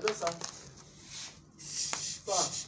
dançar. Tá.